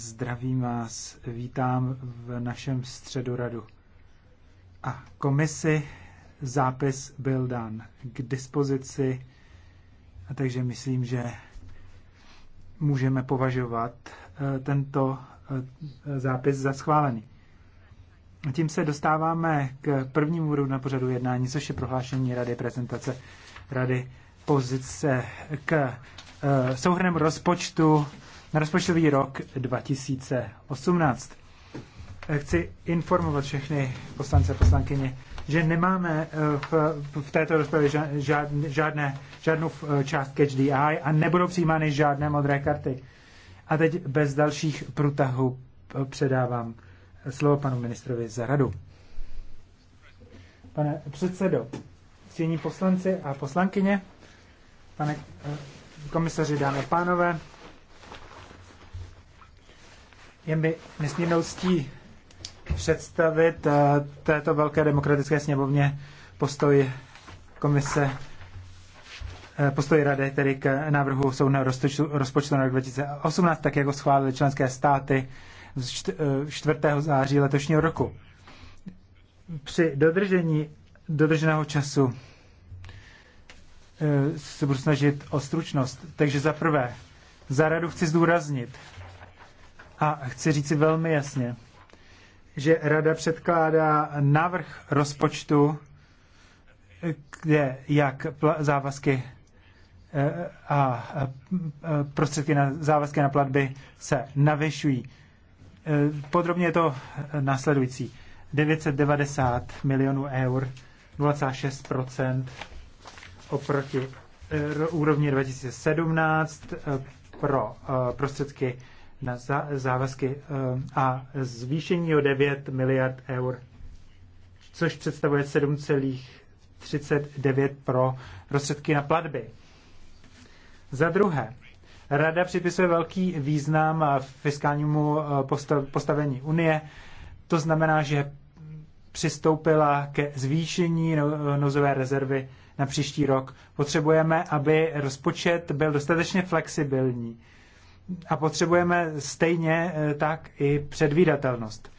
Zdravím vás, vítám v našem středoradu. A komisi zápis byl dán k dispozici, a takže myslím, že můžeme považovat eh, tento eh, zápis za schválený. A tím se dostáváme k prvnímu bodu na pořadu jednání, což je prohlášení rady, prezentace rady pozice k eh, souhrnem rozpočtu na rozpočtový rok 2018. Eh, chci informovat všechny poslance a poslankyně, že nemáme eh, v, v této rozpravě žádné, žádné, žádnou eh, část catch the eye a nebudou přijímány žádné modré karty. A teď bez dalších průtahů předávám slovo panu ministrovi za radu. Pane předsedo, ctění poslanci a poslankyně, pane komisaři, dámy a pánové, je mi nesmírnou ctí představit eh, této velké demokratické sněmovně postoj komise eh, postoj rady tedy k návrhu soudného rozpočtu, rozpočtu na rok 2018, tak jako schválili členské státy 4. Eh, září letošního roku. Při dodržení dodrženého času se budu snažit o stručnost. Takže za prvé, za radu chci zdůraznit, a chci říci velmi jasně, že Rada předkládá návrh rozpočtu, kde jak závazky eh, a eh, prostředky na závazky na platby se navyšují. Eh, podrobně je to následující. 990 milionů eur, 0,6 oproti úrovni 2017 pro prostředky na závazky eh, a zvýšení o 9 miliard eur, což představuje 7,39 pro prostředky na platby. Za druhé, Rada připisuje velký význam fiskálnímu eh, postavení Unie. To znamená, že přistoupila ke zvýšení no, nozové rezervy na příští rok. Potřebujeme, aby rozpočet byl dostatečně flexibilní a potřebujeme stejně eh, tak i předvídatelnost.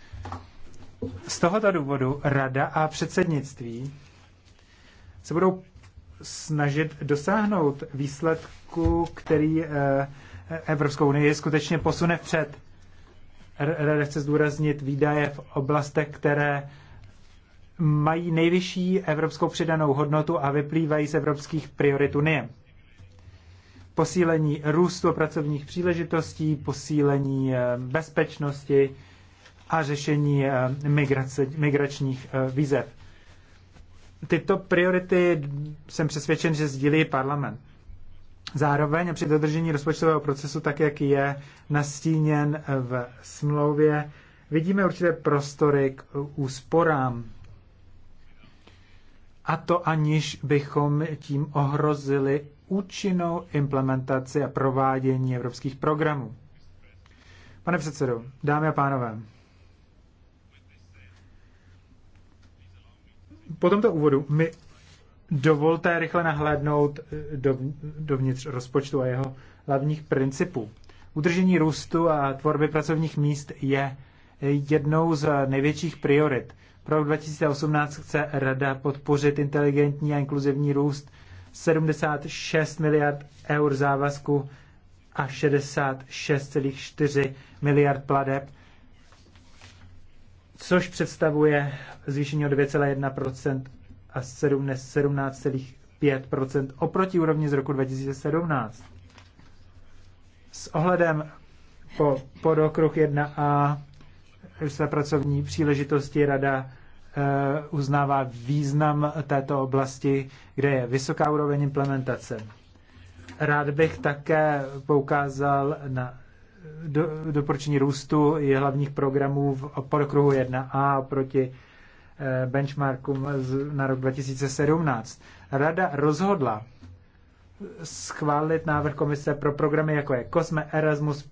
Z tohoto důvodu Rada a předsednictví se budou snažit dosáhnout výsledku, který eh, Evropskou unii skutečně posune vpřed. Rada chce zdůraznit výdaje v oblastech, které mají nejvyšší evropskou přidanou hodnotu a vyplývají z evropských priorit Unie posílení růstu pracovních příležitostí, posílení eh, bezpečnosti a řešení eh, migrace, migračních eh, výzev. Tyto priority jsem přesvědčen, že sdílí parlament. Zároveň při dodržení rozpočtového procesu, tak jak je nastíněn v smlouvě, vidíme určité prostory k úsporám. A to aniž bychom tím ohrozili účinnou implementaci a provádění evropských programů. Pane předsedo, dámy a pánové, po tomto úvodu mi dovolte rychle nahlédnout eh, dovnitř rozpočtu a jeho hlavních principů. Udržení růstu a tvorby pracovních míst je jednou z největších priorit. Pro rok 2018 chce Rada podpořit inteligentní a inkluzivní růst 76 miliard eur závazku a 66,4 miliard pladeb, což představuje zvýšení o 2,1 a 17,5 oproti úrovni z roku 2017. S ohledem po, pod okruh 1a své pracovní příležitosti Rada Eh, uznává význam této oblasti, kde je vysoká úroveň implementace. Rád bych také poukázal na do, doporučení růstu i hlavních programů v podokruhu 1a proti eh, benchmarkům na rok 2017. Rada rozhodla schválit návrh komise pro programy jako je COSME, Erasmus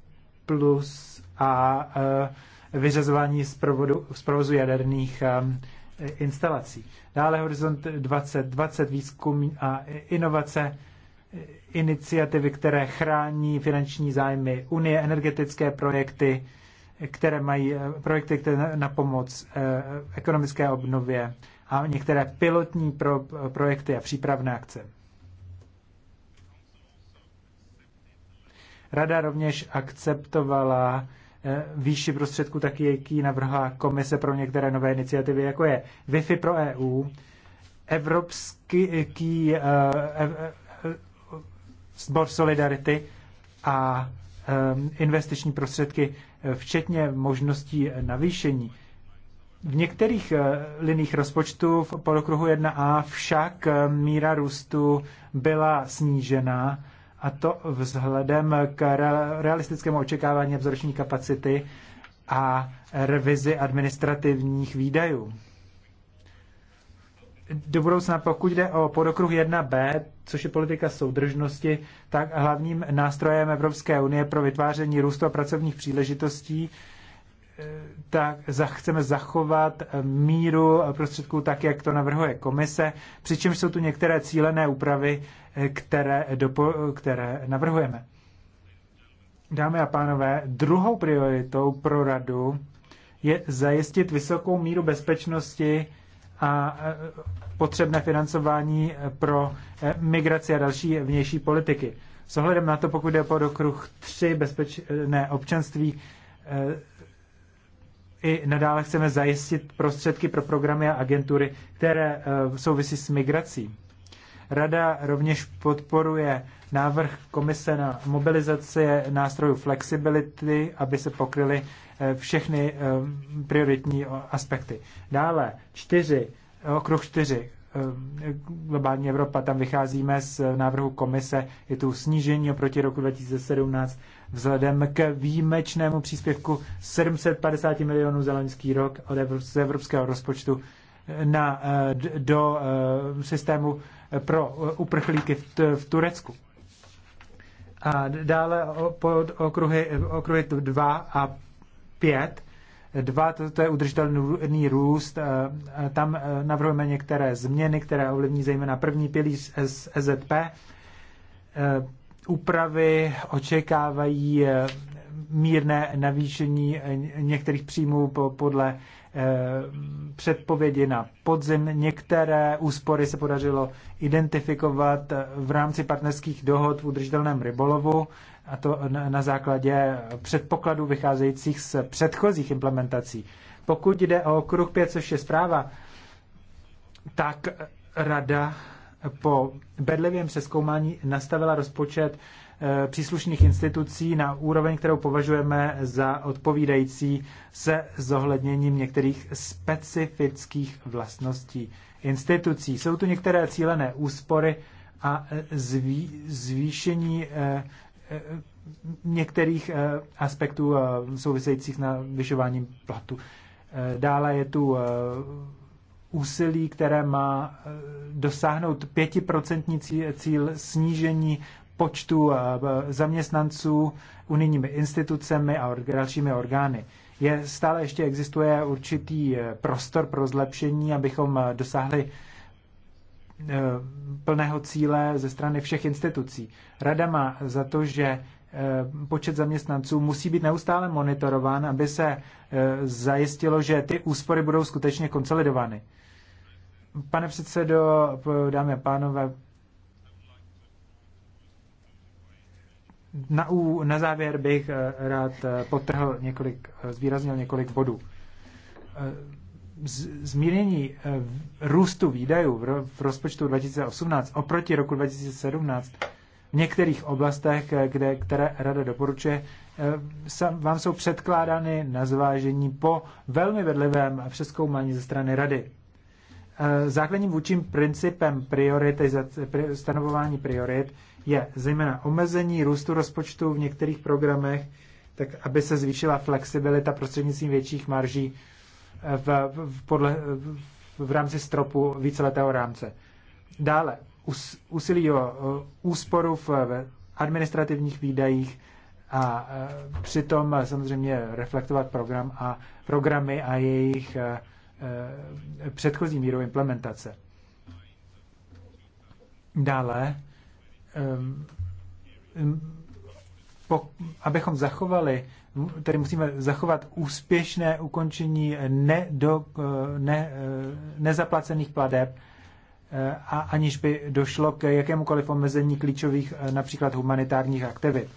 Plus a uh, vyřazování z, provodu, z provozu jaderných um, instalací. Dále Horizont 2020 výzkum a inovace, iniciativy, které chrání finanční zájmy Unie, energetické projekty, které mají eh, projekty které na pomoc eh, ekonomické obnově a některé pilotní pro, projekty a přípravné akce. Rada rovněž akceptovala Eh, výši prostředků, taky jaký navrhá komise pro některé nové iniciativy, jako je Wi-Fi pro EU, Evropský sbor eh, eh, solidarity a investiční prostředky, včetně možností navýšení. V některých liních rozpočtu v podokruhu 1a však míra růstu byla snížena a to vzhledem k realistickému očekávání vzorční kapacity a revizi administrativních výdajů. Do budoucna, pokud jde o podokruh 1b, což je politika soudržnosti, tak hlavním nástrojem Evropské unie pro vytváření růstu a pracovních příležitostí eh, tak chceme zachovat míru prostředků tak, jak to navrhuje komise, přičemž jsou tu některé cílené úpravy, které, dopo, které navrhujeme. Dámy a pánové, druhou prioritou pro radu je zajistit vysokou míru bezpečnosti a e, potřebné financování pro e, migraci a další vnější politiky. S ohledem na to, pokud jde o okruh tři bezpečné občanství, e, i nadále chceme zajistit prostředky pro programy a agentury, které souvisí s migrací. Rada rovněž podporuje návrh komise na mobilizaci nástrojů flexibility, aby se pokryly eh, všechny eh, prioritní aspekty. Dále čtyři, okruh čtyři, eh, globální Evropa, tam vycházíme z návrhu komise, je tu snížení oproti roku 2017 vzhledem k výjimečnému příspěvku 750 milionů za loňský rok od evropského rozpočtu na, do systému pro uprchlíky v Turecku. A dále pod okruhy, okruhy 2 a 5. 2, to, to je udržitelný růst, tam e, navrhujeme některé změny, které ovlivní zejména první pilíř z EZP. E, úpravy očekávají e, mírné navýšení eh, některých příjmů podle eh, předpovědi na podzim. Některé úspory se podařilo identifikovat eh, v rámci partnerských dohod v udržitelném rybolovu, a to na základě předpokladů vycházejících z předchozích implementací. Pokud jde o okruh 5, což je zpráva, tak rada po bedlivém přeskoumání nastavila rozpočet Eh, příslušných institucí na úroveň, kterou považujeme za odpovídající se zohledněním některých specifických vlastností institucí. Jsou tu některé cílené úspory a eh, zví, zvýšení eh, některých aspektů souvisejících na vyšováním platu. Dále je tu úsilí, které má dosáhnout pětiprocentní cíl snížení počtu eh, zaměstnanců unijními institucemi a dalšími orgány. Je, stále ještě existuje určitý eh, prostor pro zlepšení, abychom eh, dosáhli plného cíle ze strany všech institucí. Rada má za to, že počet zaměstnanců musí být neustále monitorován, aby se zajistilo, že ty úspory budou skutečně konsolidovány. Pane předsedo, dámy a pánové, na, na závěr bych eh, rád eh, potrhl několik, eh, zvýraznil několik bodů. Zmírnění růstu výdajů v rozpočtu 2018 oproti roku 2017 v některých oblastech, kde, které rada doporučuje, vám jsou předkládány na zvážení po velmi vedlivém přeskoumání ze strany rady. Eh, základním vůčím principem prioritizace, stanovování priorit je zejména omezení růstu rozpočtu v některých programech, tak aby se zvýšila flexibilita prostřednictvím větších marží eh, v, v, podle, v, v rámci stropu víceletého rámce. Dále us, úsilí o úsporu v, v administrativních výdajích a eh, přitom samozřejmě reflektovat program a programy a jejich Eh, předchozí mírou implementace. Dále, eh, abychom zachovali, tedy musíme zachovat úspěšné ukončení nedo, ne, eh, nezaplacených pladeb, a aniž by došlo k jakémukoliv omezení klíčových například humanitárních aktivit.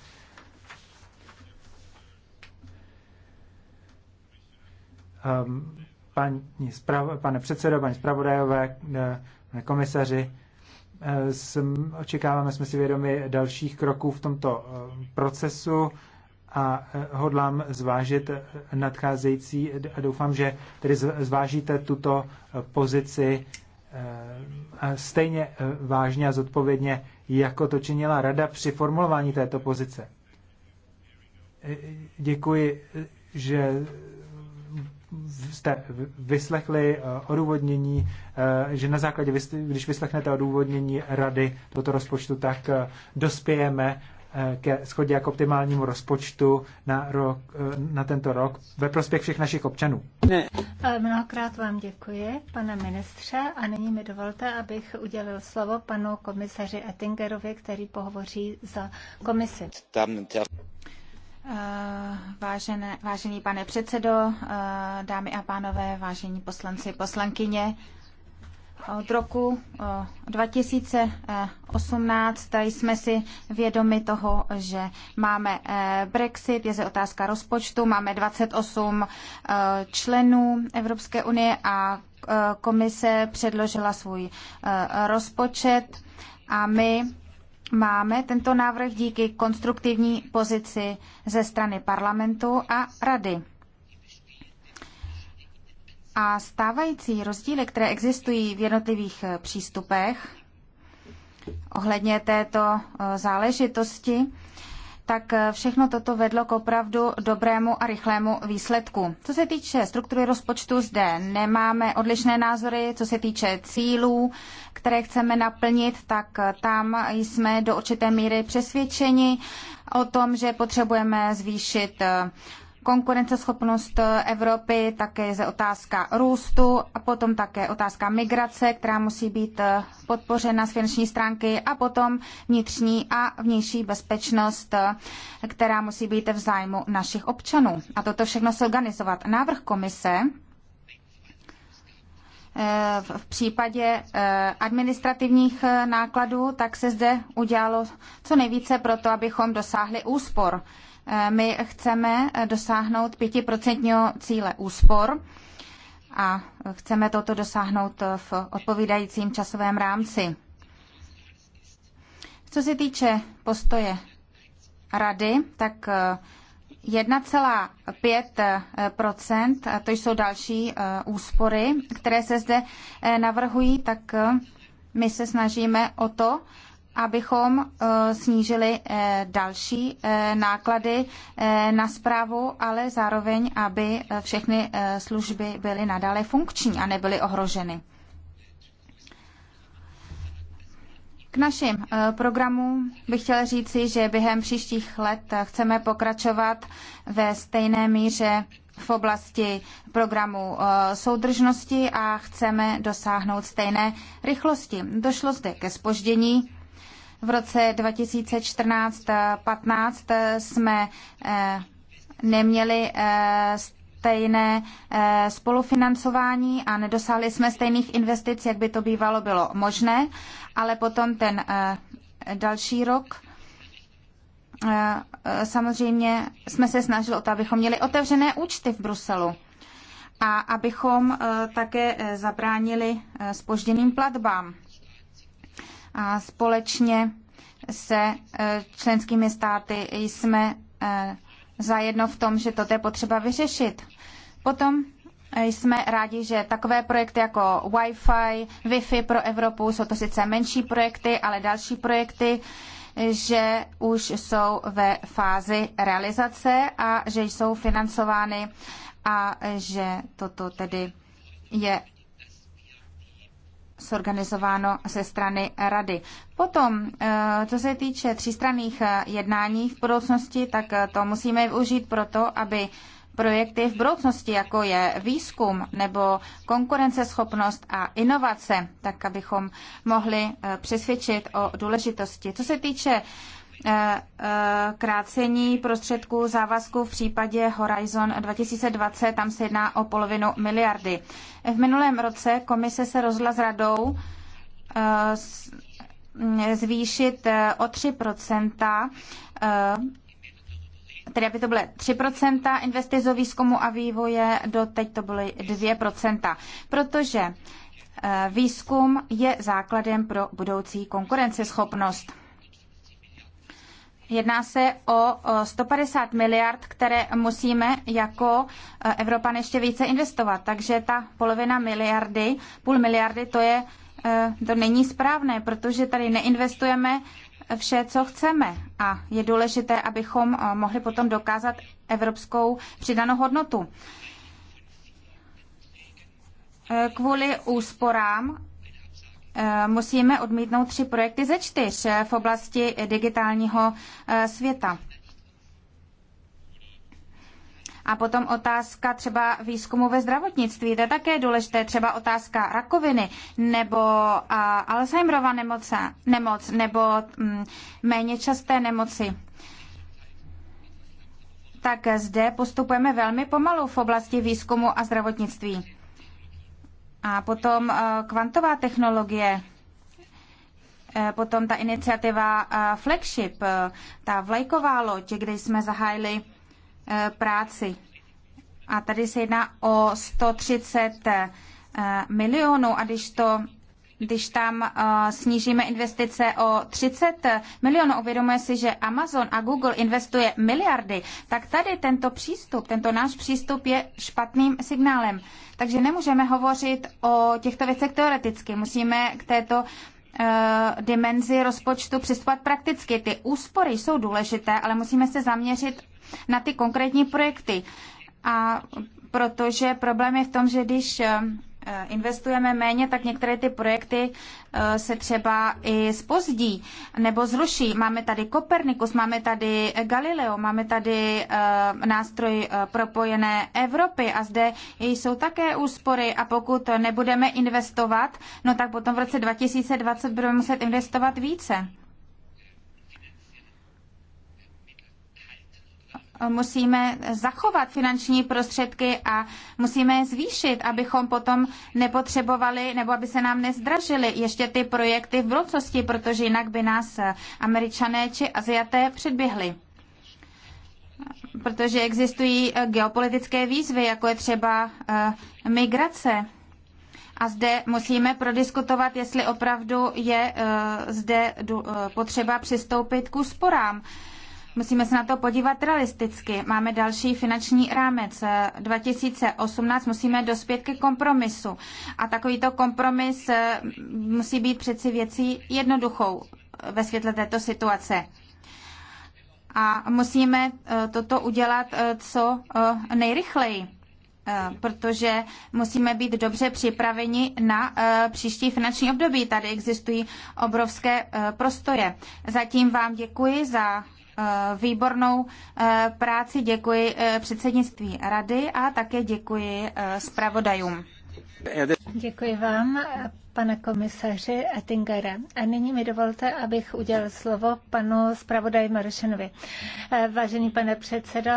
Um, paní zpravo, pane předsedo, paní zpravodajové, eh, pane komisaři. Eh, očekáváme, jsme si vědomi dalších kroků v tomto eh, procesu a hodlám zvážit nadcházející a doufám, že tedy zvážíte tuto pozici stejně vážně a zodpovědně, jako to činila rada při formulování této pozice. Děkuji, že jste vyslechli eh, odůvodnění, eh, že na základě, když vyslechnete odůvodnění rady toto rozpočtu, tak eh, dospějeme ke schodě jako optimálnímu rozpočtu na, rok, na tento rok ve prospěch všech našich občanů. Ne. Mnohokrát vám děkuji, pane ministře, a nyní mi dovolte, abych udělil slovo panu komisaři Ettingerovi, který pohovoří za komisi. Tam, tam. Eh, vážené, vážený pane předsedo, eh, dámy a pánové, vážení poslanci, poslankyně, od roku 2018 eh, jsme si vědomi toho, že máme Brexit, je zde otázka rozpočtu, máme 28 členů Evropské unie a komise předložila svůj rozpočet a my máme tento návrh díky konstruktivní pozici ze strany parlamentu a rady. A stávající rozdíly, které existují v jednotlivých eh, přístupech ohledně této eh, záležitosti, tak eh, všechno toto vedlo k opravdu dobrému a rychlému výsledku. Co se týče struktury rozpočtu, zde nemáme odlišné názory. Co se týče cílů, které chceme naplnit, tak eh, tam jsme do určité míry přesvědčeni o tom, že potřebujeme zvýšit eh, konkurenceschopnost eh, Evropy, také je otázka růstu a potom také otázka migrace, která musí být eh, podpořena z finanční stránky a potom vnitřní a vnější bezpečnost, eh, která musí být v zájmu našich občanů. A toto všechno se organizovat. Návrh komise v případě administrativních nákladů, tak se zde udělalo co nejvíce pro to, abychom dosáhli úspor. Eh, my chceme eh, dosáhnout 5% cíle úspor a chceme toto dosáhnout eh, v odpovídajícím časovém rámci. Co se týče postoje rady, tak 1,5 to jsou další úspory, které se zde navrhují, tak my se snažíme o to, abychom eh, snížili eh, další eh, náklady na zprávu, ale zároveň, aby všechny služby byly nadále funkční a nebyly ohroženy. K našim programům bych chtěla říci, že během příštích let chceme pokračovat ve stejné míře v oblasti programu soudržnosti a chceme dosáhnout stejné rychlosti. Došlo zde ke spoždění v roce 2014-15 jsme eh, neměli eh, stejné eh, spolufinancování a nedosáhli jsme stejných investic, jak by to bývalo bylo možné, ale potom ten další rok samozřejmě jsme se snažili o to, abychom měli otevřené účty v Bruselu a abychom také zabránili spožděným platbám a společně se e, členskými státy jsme e, zajedno v tom, že toto je potřeba vyřešit. Potom e, jsme rádi, že takové projekty jako Wi-Fi, Wi-Fi pro Evropu, jsou to sice menší projekty, ale další projekty, že už jsou ve fázi realizace a že jsou financovány a že toto tedy je zorganizováno ze strany rady. Potom, eh, co se týče třístranných eh, jednání v budoucnosti, tak eh, to musíme využít proto, aby projekty v budoucnosti, jako je výzkum nebo konkurenceschopnost a inovace, tak abychom mohli přesvědčit o důležitosti. Co se týče Eh, eh, krácení prostředků závazku v případě Horizon 2020, tam se jedná o polovinu miliardy. V minulém roce komise se rozhodla s radou eh, mm, zvýšit o 3 tedy aby to byly 3% investic do výzkumu a vývoje, doteď to byly 2%, protože výzkum je základem pro budoucí konkurenceschopnost. Jedná se o 150 miliard, které musíme jako e, Evropan ještě více investovat. Takže ta polovina miliardy, půl miliardy, to, je, e, to není správné, protože tady neinvestujeme vše, co chceme. A je důležité, abychom e, mohli potom dokázat evropskou přidanou hodnotu. Kvůli úsporám Eh, musíme odmítnout tři projekty ze čtyř eh, v oblasti digitálního eh, světa. A potom otázka třeba výzkumu ve zdravotnictví, to je také důležité, třeba otázka rakoviny nebo uh, Alzheimerova nemoce, nemoc nebo mm, méně časté nemoci. Tak zde postupujeme velmi pomalu v oblasti výzkumu a zdravotnictví. A potom eh, kvantová technologie, eh, potom ta iniciativa eh, Flagship, ta vlajková loď, kde jsme zahájili práci. A tady se jedná o 130 milionů a když to když tam uh, snížíme investice o 30 milionů, uvědomuje si, že Amazon a Google investuje miliardy, tak tady tento přístup, tento náš přístup je špatným signálem. Takže nemůžeme hovořit o těchto věcech teoreticky. Musíme k této uh, dimenzi rozpočtu přistupovat prakticky. Ty úspory jsou důležité, ale musíme se zaměřit na ty konkrétní projekty. A protože problém je v tom, že když uh, Eh, investujeme méně, tak některé ty projekty eh, se třeba i spozdí nebo zruší. Máme tady Kopernikus, máme tady Galileo, máme tady eh, nástroj propojené Evropy a zde jsou také úspory a pokud nebudeme investovat, no tak potom v roce 2020 budeme muset investovat více. musíme zachovat finanční prostředky a musíme je zvýšit, abychom potom nepotřebovali nebo aby se nám nezdražily ještě ty projekty v budoucnosti, protože jinak by nás američané či Aziaté předběhli. Protože existují geopolitické výzvy, jako je třeba eh, migrace. A zde musíme prodiskutovat, jestli opravdu je eh, zde eh, potřeba přistoupit k úsporám Musíme se na to podívat realisticky. Máme další finanční rámec 2018, musíme dospět ke kompromisu. A takovýto kompromis eh, musí být přeci věcí jednoduchou ve světle této situace. A musíme eh, toto udělat eh, co nejrychleji protože musíme být dobře připraveni na příští finanční období. Tady existují obrovské prostoje. Zatím vám děkuji za Eh, výbornou eh, práci, děkuji eh, předsednictví rady a také děkuji zpravodajům. Děkuji vám pane komisaři Ettingere. A nyní mi dovolte, abych udělal slovo panu zpravodaji Marošenovi. Eh, vážený pane předsedo,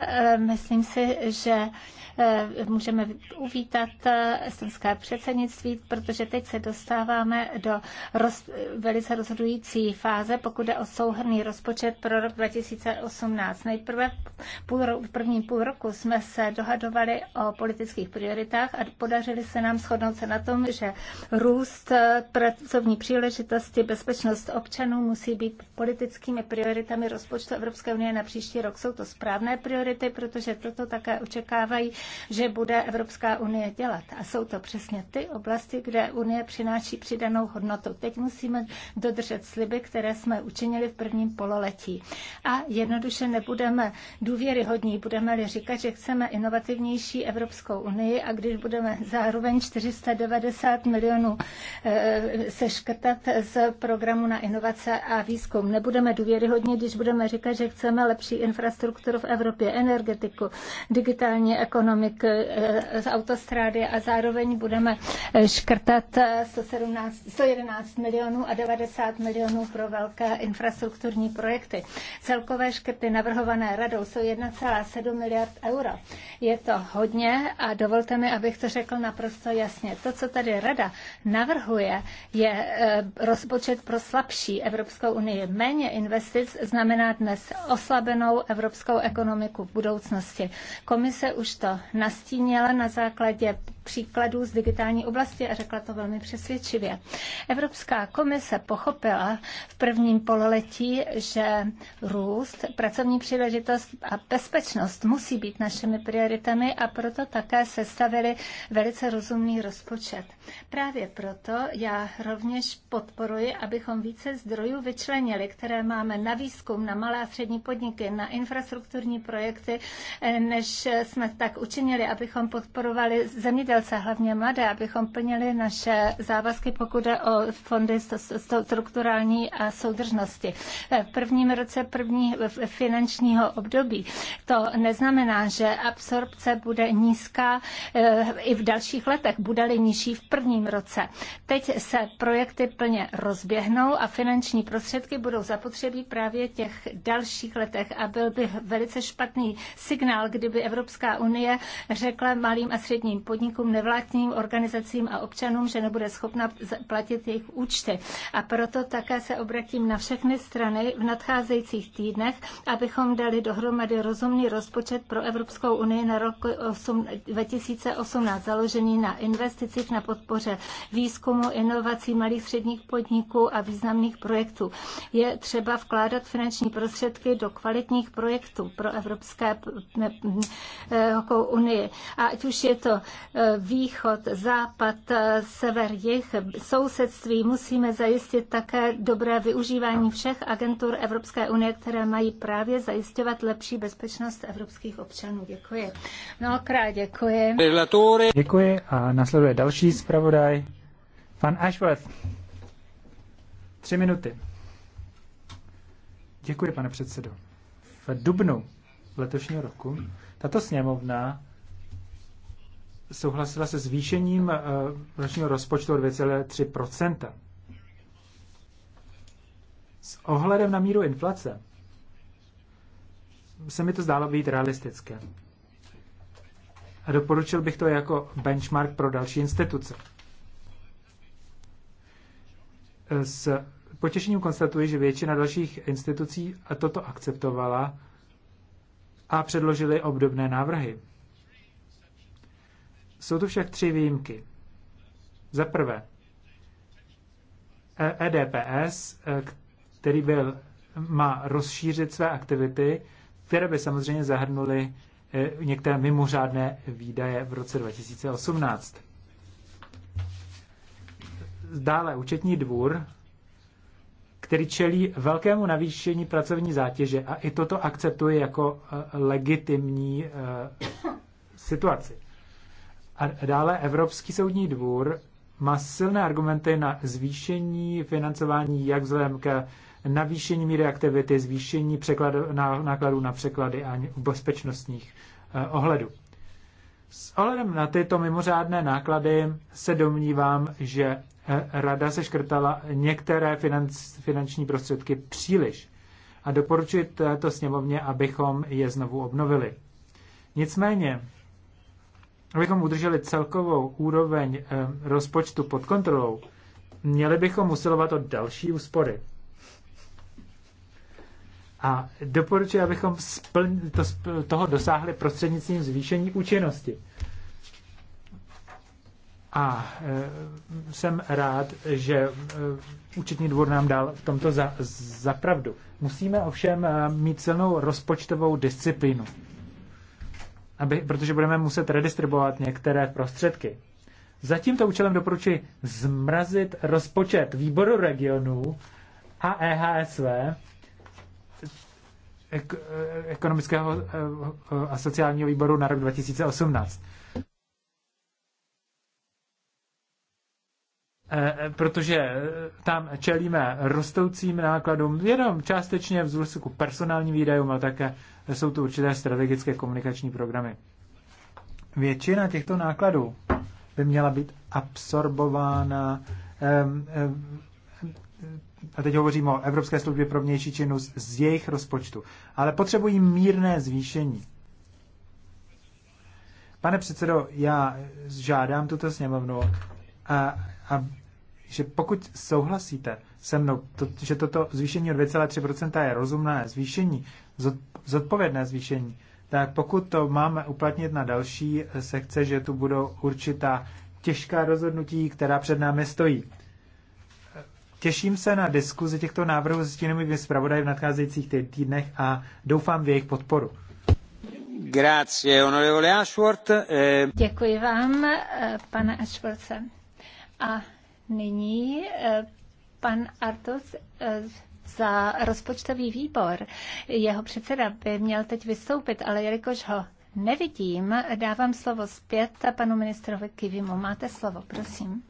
eh, myslím si, že eh, můžeme uvítat estonské předsednictví, protože teď se dostáváme do roz, velice rozhodující fáze, pokud je o souhrný rozpočet pro rok 2018. Nejprve půl v prvním půl roku jsme se dohadovali o politických prioritách a podařili se nám shodnout konference na tom, že růst pracovní příležitosti, bezpečnost občanů musí být politickými prioritami rozpočtu Evropské unie na příští rok. Jsou to správné priority, protože toto také očekávají, že bude Evropská unie dělat. A jsou to přesně ty oblasti, kde unie přináší přidanou hodnotu. Teď musíme dodržet sliby, které jsme učinili v prvním pololetí. A jednoduše nebudeme důvěryhodní, budeme-li říkat, že chceme inovativnější Evropskou unii a když budeme zároveň 400 390 milionů eh, seškrtat z programu na inovace a výzkum. Nebudeme důvěryhodní, když budeme říkat, že chceme lepší infrastrukturu v Evropě, energetiku, digitální ekonomiku, eh, autostrády a zároveň budeme eh, škrtat 117, 111 milionů a 90 milionů pro velké infrastrukturní projekty. Celkové škrty navrhované radou jsou 1,7 miliard euro. Je to hodně a dovolte mi, abych to řekl naprosto jasně vlastně to, co tady Rada navrhuje, je e, rozpočet pro slabší Evropskou unii. Méně investic znamená dnes oslabenou evropskou ekonomiku v budoucnosti. Komise už to nastínila na základě příkladů z digitální oblasti a řekla to velmi přesvědčivě. Evropská komise pochopila v prvním pololetí, že růst, pracovní příležitost a bezpečnost musí být našimi prioritami a proto také sestavili velice rozumný rozpočet rozpočet. Právě proto já rovněž podporuji, abychom více zdrojů vyčlenili, které máme na výzkum, na malé a střední podniky, na infrastrukturní projekty, eh, než jsme tak učinili, abychom podporovali zemědělce, hlavně mladé, abychom plnili naše závazky, pokud jde o fondy strukturální a soudržnosti. Eh, v prvním roce první finančního období to neznamená, že absorpce bude nízká eh, i v dalších letech, bude byly nižší v prvním roce. Teď se projekty plně rozběhnou a finanční prostředky budou zapotřebí právě těch dalších letech a byl by velice špatný signál, kdyby Evropská unie řekla malým a středním podnikům, nevládním organizacím a občanům, že nebude schopna platit jejich účty. A proto také se obratím na všechny strany v nadcházejících týdnech, abychom dali dohromady rozumný rozpočet pro Evropskou unii na rok 2018 založený na investicích investicích na podpoře výzkumu, inovací malých středních podniků a významných projektů. Je třeba vkládat finanční prostředky do kvalitních projektů pro Evropské eh, unii. Ať už je to eh, východ, západ, eh, sever, jih, sousedství, musíme zajistit také dobré využívání všech agentur Evropské unie, které mají právě zajistovat lepší bezpečnost evropských občanů. Děkuji. Mnohokrát děkuji. Děkuji a nasleduje Následuje další zpravodaj, pan Ashworth. Tři minuty. Děkuji, pane předsedo. V dubnu letošního roku tato sněmovna souhlasila se zvýšením eh, ročního rozpočtu o 2,3 S ohledem na míru inflace se mi to zdálo být realistické. A doporučil bych to jako benchmark pro další instituce. S potěšením konstatuji, že většina dalších institucí toto akceptovala a předložili obdobné návrhy. Jsou tu však tři výjimky. Za prvé, EDPS, e e, který byl, má rozšířit své aktivity, které by samozřejmě zahrnuly Eh, některé mimořádné výdaje v roce 2018. Dále účetní dvůr, který čelí velkému navýšení pracovní zátěže a i toto akceptuje jako eh, legitimní eh, situaci. A dále Evropský soudní dvůr má silné argumenty na zvýšení financování jak vzhledem k navýšení míry aktivity, zvýšení překladu, nákladů na překlady a bezpečnostních eh, ohledů. S ohledem na tyto mimořádné náklady se domnívám, že eh, rada se škrtala některé financ, finanční prostředky příliš a doporučuji této sněmovně, abychom je znovu obnovili. Nicméně, abychom udrželi celkovou úroveň eh, rozpočtu pod kontrolou, měli bychom usilovat o další úspory. A doporučuji, abychom to, toho dosáhli prostřednictvím zvýšení účinnosti. A e, jsem rád, že e, účetní dvůr nám dal v tomto za, za pravdu. Musíme ovšem e, mít silnou rozpočtovou disciplínu, aby, protože budeme muset redistribuovat některé prostředky. Za tímto účelem doporučuji zmrazit rozpočet výboru regionů a EHSV ekonomického eh, a sociálního výboru na rok 2018. Eh, eh, protože tam čelíme rostoucím nákladům, jenom částečně vzrůstu personálním výdajům, ale také jsou to určité strategické komunikační programy. Většina těchto nákladů by měla být absorbována a teď hovořím o Evropské službě pro vnější činnost z jejich rozpočtu, ale potřebují mírné zvýšení. Pane předsedo, já žádám tuto sněmovnu, a, a, že pokud souhlasíte se mnou, to, že toto zvýšení o 2,3% je rozumné zvýšení, zodpovědné zvýšení, tak pokud to máme uplatnit na další sekce, že tu budou určitá těžká rozhodnutí, která před námi stojí. Těším se na diskuzi těchto návrhů s stínovými zpravodaji v nadcházejících týdnech a doufám v jejich podporu. Grazie, onorevole Ashworth. Eh, Děkuji vám, eh, pane Ashworthe. A nyní eh, pan Artos za rozpočtový výbor. Jeho předseda by měl teď vystoupit, ale jelikož ho nevidím, dávám slovo zpět panu ministrovi Kivimu. Máte slovo, prosím.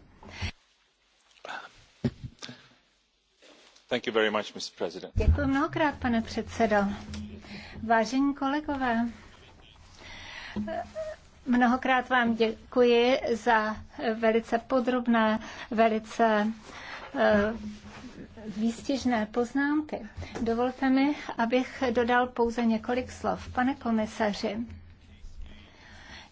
Děkuji mnohokrát, pane předsedo. Vážení kolegové, mnohokrát vám děkuji za velice podrobné, velice eh, výstižné poznámky. Dovolte mi, abych dodal pouze několik slov. Pane komisaři,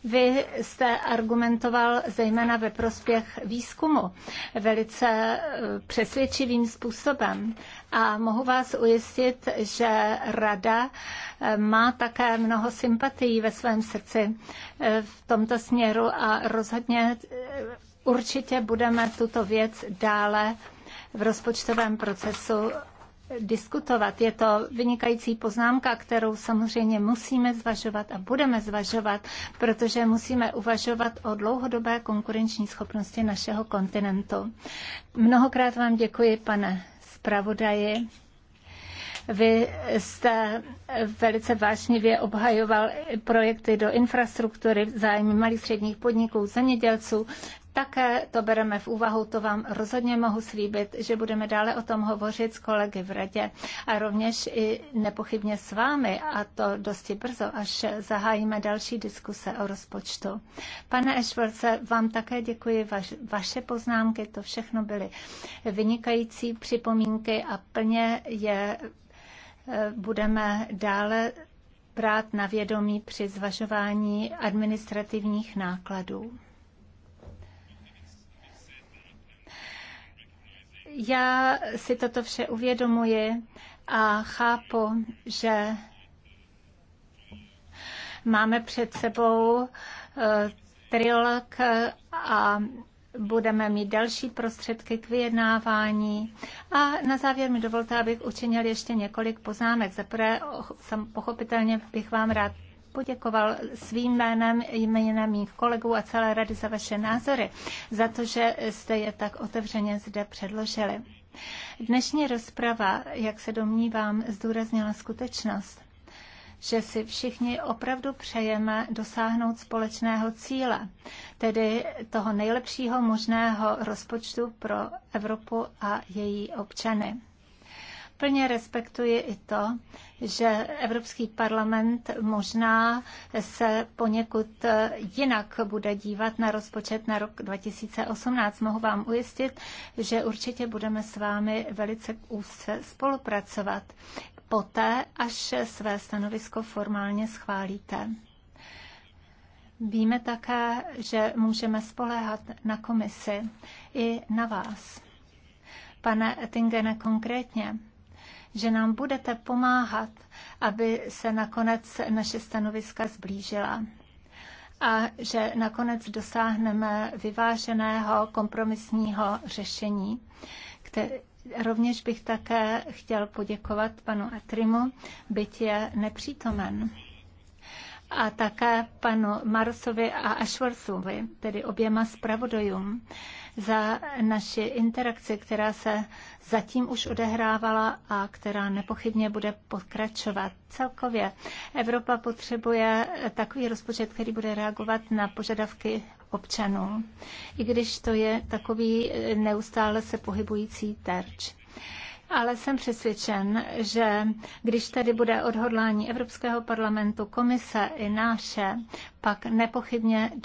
vy jste argumentoval zejména ve prospěch výzkumu velice e, přesvědčivým způsobem a mohu vás ujistit, že Rada e, má také mnoho sympatií ve svém srdci e, v tomto směru a rozhodně určitě budeme tuto věc dále v rozpočtovém procesu diskutovat. Je to vynikající poznámka, kterou samozřejmě musíme zvažovat a budeme zvažovat, protože musíme uvažovat o dlouhodobé konkurenční schopnosti našeho kontinentu. Mnohokrát vám děkuji, pane zpravodaji. Vy jste velice vášnivě obhajoval projekty do infrastruktury v zájmu malých středních podniků, zemědělců, také to bereme v úvahu, to vám rozhodně mohu slíbit, že budeme dále o tom hovořit s kolegy v radě a rovněž i nepochybně s vámi a to dosti brzo, až zahájíme další diskuse o rozpočtu. Pane Ešvorce, vám také děkuji, vaš, vaše poznámky, to všechno byly vynikající připomínky a plně je e, budeme dále brát na vědomí při zvažování administrativních nákladů. Já si toto vše uvědomuji a chápu, že máme před sebou eh, trilog a budeme mít další prostředky k vyjednávání. A na závěr mi dovolte, abych učinil ještě několik poznámek. Zaprvé pochopitelně bych vám rád poděkoval svým jménem, jménem mých kolegů a celé rady za vaše názory, za to, že jste je tak otevřeně zde předložili. Dnešní rozprava, jak se domnívám, zdůraznila skutečnost, že si všichni opravdu přejeme dosáhnout společného cíle, tedy toho nejlepšího možného rozpočtu pro Evropu a její občany. Plně respektuji i to, že Evropský parlament možná se poněkud jinak bude dívat na rozpočet na rok 2018. Mohu vám ujistit, že určitě budeme s vámi velice úzce spolupracovat poté, až své stanovisko formálně schválíte. Víme také, že můžeme spoléhat na komisi i na vás. Pane Ettingene konkrétně, že nám budete pomáhat, aby se nakonec naše stanoviska zblížila a že nakonec dosáhneme vyváženého kompromisního řešení, které, Rovněž bych také chtěl poděkovat panu Atrimu, byť je nepřítomen a také panu Marusovi a Ashworthovi, tedy oběma zpravodajům, za naši interakci, která se zatím už odehrávala a která nepochybně bude pokračovat. Celkově Evropa potřebuje takový rozpočet, který bude reagovat na požadavky občanů, i když to je takový neustále se pohybující terč ale jsem přesvědčen, že když tady bude odhodlání Evropského parlamentu, komise i naše, pak nepochybně